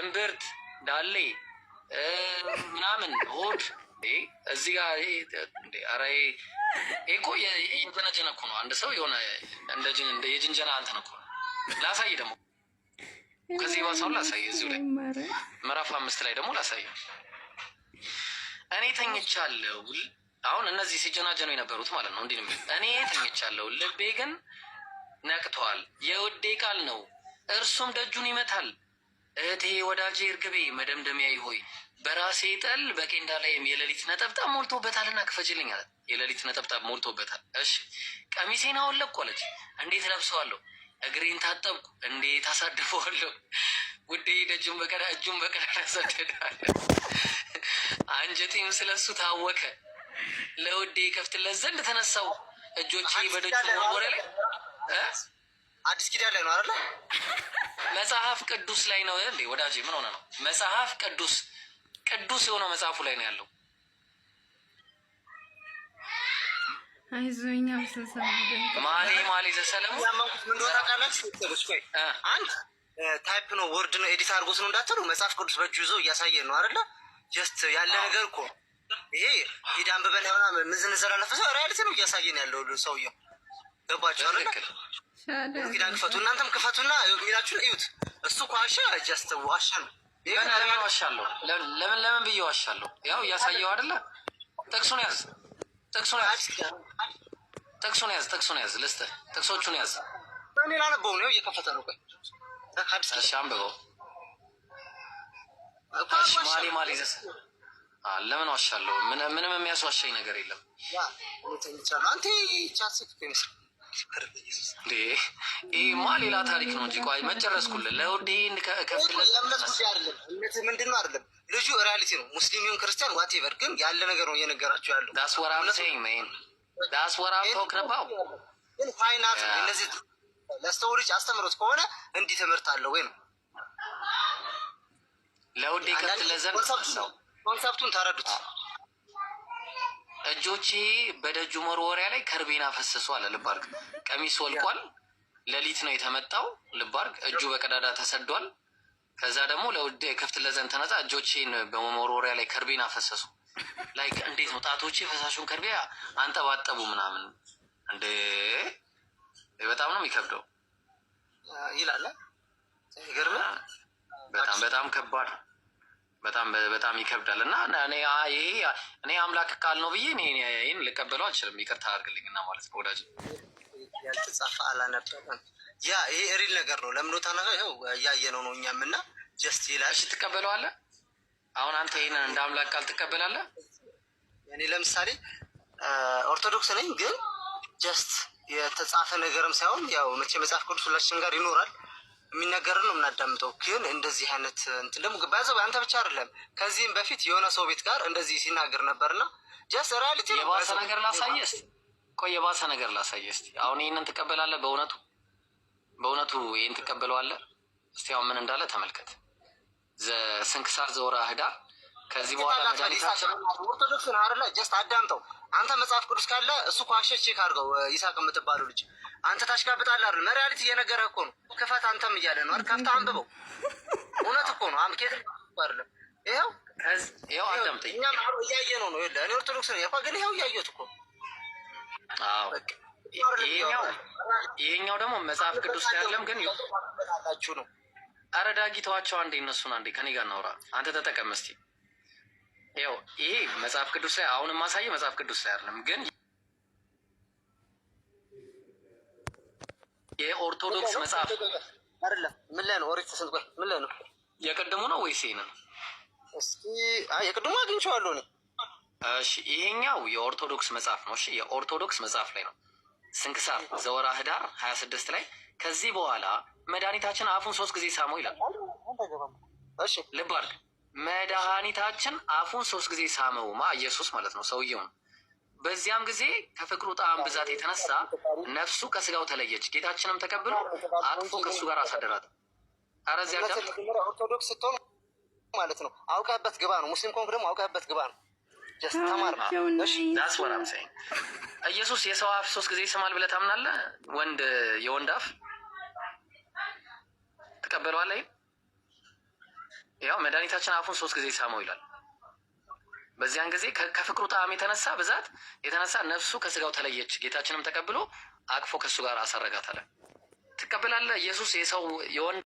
እምብርት ዳሌ ምናምን ሆድ እዚህ ጋር ኧረ ይሄ እኮ የጀነጀነ እኮ ነው። አንድ ሰው የሆነ እንደ የጅንጀና እንትን እኮ ነው። ላሳይ ደግሞ ከዚህ ባሳውን ላሳይ፣ እዚሁ ላይ ምዕራፍ አምስት ላይ ደግሞ ላሳይ። እኔ ተኝቻለሁ። አሁን እነዚህ ሲጀናጀኑ የነበሩት ማለት ነው። እንዲህ እኔ ተኝቻለሁ፣ ልቤ ግን ነቅተዋል። የውዴ ቃል ነው፣ እርሱም ደጁን ይመታል እህቴ ወዳጄ እርግቤ መደምደሚያ ሆይ በራሴ ጠል በኬንዳ ላይም የሌሊት ነጠብጣብ ሞልቶበታልና ክፈችልኝ አላት። የሌሊት ነጠብጣብ ሞልቶበታል። እሺ ቀሚሴን አወለቅኩ አለች። እንዴት ለብሰዋለሁ? እግሬን ታጠብኩ። እንዴት አሳድፈዋለሁ? ውዴ ደጁን በቀዳ እጁን በቀዳ ሰደዳለ። አንጀቴም ስለሱ ታወከ። ለውዴ ከፍትለት ዘንድ ተነሳው። እጆቼ በደጁ ወርወረ ላይ አዲስ ኪዳን ላይ ነው አለ መጽሐፍ ቅዱስ ላይ ነው እንዴ? ወዳጅ ምን ሆነ ነው? መጽሐፍ ቅዱስ ቅዱስ የሆነው መጽሐፉ ላይ ነው ያለው። አይዞኛ ማሌ ማሌ ዘሰለሙ አንድ ታይፕ ነው ወርድ ነው ኤዲት አድርጎ ነው እንዳትሉ፣ መጽሐፍ ቅዱስ በእጁ ይዞ እያሳየን ነው አይደለ? ጀስት ያለ ነገር እኮ ይሄ ሂድ አንብበን ሆና ምንዝንዘላለፈ ሰው ሪያሊቲ ነው እያሳየን ያለው ሰውየው ገባቸው አይደለ? እንግዳ ክፈቱ፣ እናንተም ክፈቱና እዩት። እሱ ጀስት ዋሻ ነው። ዋሻለሁ ለምን ለምን ብዬ ዋሻለሁ? ያው እያሳየው አይደለ? ጥቅሱን ያዝ፣ ጥቅሱን ያዝ፣ ጥቅሱን ያዝ፣ ጥቅሱን ያዝ፣ ልስጥ ጥቅሶቹን ያዝ። ነው እየከፈተ ነው። ቆይ እሺ፣ አንብበው ማሊ ማሊ ዘስ ለምን ዋሻለሁ? ምንም የሚያስዋሻኝ ነገር የለም። አንተ ይመስል ይሄማ ሌላ ታሪክ ነው እንጂ ቆይ መጨረስኩልን ለወዴ ከፍለት ምንድን ነው አይደለም። ልጁ ሪያሊቲ ነው። ሙስሊም ይሁን ክርስቲያን ዋቴቨር፣ ግን ያለ ነገር ነው እየነገራቸው ያለው። ግን ፋይናት እነዚህ ለሰው ልጅ አስተምሮት ከሆነ እንዲህ ትምህርት አለው ወይ ነው ለውዴ ከፍለት ኮንሰፕቱን ተረዱት። እጆቼ በደጁ መወርወሪያ ላይ ከርቤን አፈሰሱ አለ ልባርግ። ቀሚስ ወልቋል። ሌሊት ነው የተመጣው ልባርግ። እጁ በቀዳዳ ተሰዷል። ከዛ ደግሞ ለውድ ክፍት ለዘን ተነጻ እጆቼን በመወርወሪያ ላይ ከርቤን አፈሰሱ። ላይ እንዴት ነው ጣቶቼ ፈሳሹን ከርቤ አንጠባጠቡ ምናምን እንዴ! በጣም ነው የሚከብደው ይላለ። ይገርም። በጣም በጣም ከባድ በጣም በጣም ይከብዳል እና ይሄ እኔ አምላክ ቃል ነው ብዬ ይህን ልቀበለው አልችልም። ይቅርታ አድርግልኝ እና ማለት ነው ወዳጅ ያልተጻፈ አላነበረም። ያ ይሄ ሪል ነገር ነው። ለምዶታ ነገር ው እያየነው ነው እኛም እና ጀስት ይላል። እሺ ትቀበለዋለህ? አሁን አንተ ይህንን እንደ አምላክ ቃል ትቀበላለህ? እኔ ለምሳሌ ኦርቶዶክስ ነኝ፣ ግን ጀስት የተጻፈ ነገርም ሳይሆን ያው መቼ መጽሐፍ ቅዱስ ሁላችን ጋር ይኖራል የሚነገርን ነው የምናዳምጠው። ግን እንደዚህ አይነት እንትን ደግሞ ባዘ አንተ ብቻ አይደለም። ከዚህም በፊት የሆነ ሰው ቤት ጋር እንደዚህ ሲናገር ነበርና ጀስት ሪያሊቲ የባሰ ነገር ላሳየህ እስኪ። ቆይ የባሰ ነገር ላሳየህ እስኪ። አሁን ይህንን ትቀበላለ በእውነቱ በእውነቱ ይህን ትቀበለዋለ እስቲ አሁን ምን እንዳለ ተመልከት። ስንክሳር ዘወራ ኅዳር ከዚህ በኋላ ኦርቶዶክስ ነህ አይደለ? ጀስት አዳምጠው። አንተ መጽሐፍ ቅዱስ ካለ እሱ ኳሸ ቼክ አድርገው። ይሳቅ የምትባለው ልጅ አንተ ታሽጋብጣለህ አይደል? መሪያሊት እየነገረህ እኮ ነው። ክፈት አንተም እያለ ነው አይደል? ከፍተህ አንብበው። እውነት እኮ ነው። አምኬት አይደለም። ይኸው ይኸው አዳምጠኝ። እኛም እያየ ነው ነው እኔ ኦርቶዶክስ ነኝ ግን ይኸው እያየሁት እኮ ይሄኛው ደግሞ መጽሐፍ ቅዱስ ያለም ግን አረ ዳጊ ተዋቸው አንዴ፣ እነሱን አንዴ ከኔ ጋር እናውራ። አንተ ተጠቀም እስኪ ይኸው ይሄ መጽሐፍ ቅዱስ ላይ አሁን የማሳየው መጽሐፍ ቅዱስ ላይ አይደለም፣ ግን የኦርቶዶክስ መጽሐፍ አይደለም። ምን ላይ ነው? ኦሪት ስንት? ቆይ ምን ላይ ነው? የቅድሙ ነው ወይስ ይሄ ነው? እስኪ የቅድሙ አግኝቼዋለሁ እኔ። እሺ ይሄኛው የኦርቶዶክስ መጽሐፍ ነው። እሺ የኦርቶዶክስ መጽሐፍ ላይ ነው። ስንክሳር ዘወራ ህዳር ሀያ ስድስት ላይ ከዚህ በኋላ መድኃኒታችን አፉን ሶስት ጊዜ ሳመው ይላል። ልብ አድርግ መድኃኒታችን አፉን ሶስት ጊዜ ሳመው ማ ኢየሱስ ማለት ነው ሰውየውን። በዚያም ጊዜ ከፍቅሩ ጣዕም ብዛት የተነሳ ነፍሱ ከስጋው ተለየች። ጌታችንም ተቀብሎ አቅፎ ከእሱ ጋር አሳደራት። አረዚያ ኦርቶዶክስ ስትሆን ማለት ነው አውቀህበት ግባ ነው። ሙስሊም ኮንክ ደግሞ አውቀህበት ግባ ነው። ኢየሱስ የሰው አፍ ሶስት ጊዜ ይስማል ብለህ ታምናለህ? ወንድ የወንድ አፍ ትቀበለዋለህ? ያው መድኃኒታችን አፉን ሶስት ጊዜ ሳመው ይላል። በዚያን ጊዜ ከፍቅሩ ጣዕም የተነሳ ብዛት የተነሳ ነፍሱ ከስጋው ተለየች። ጌታችንም ተቀብሎ አቅፎ ከእሱ ጋር አሳረጋት አለ። ትቀበላለህ ኢየሱስ የሰው የወንድ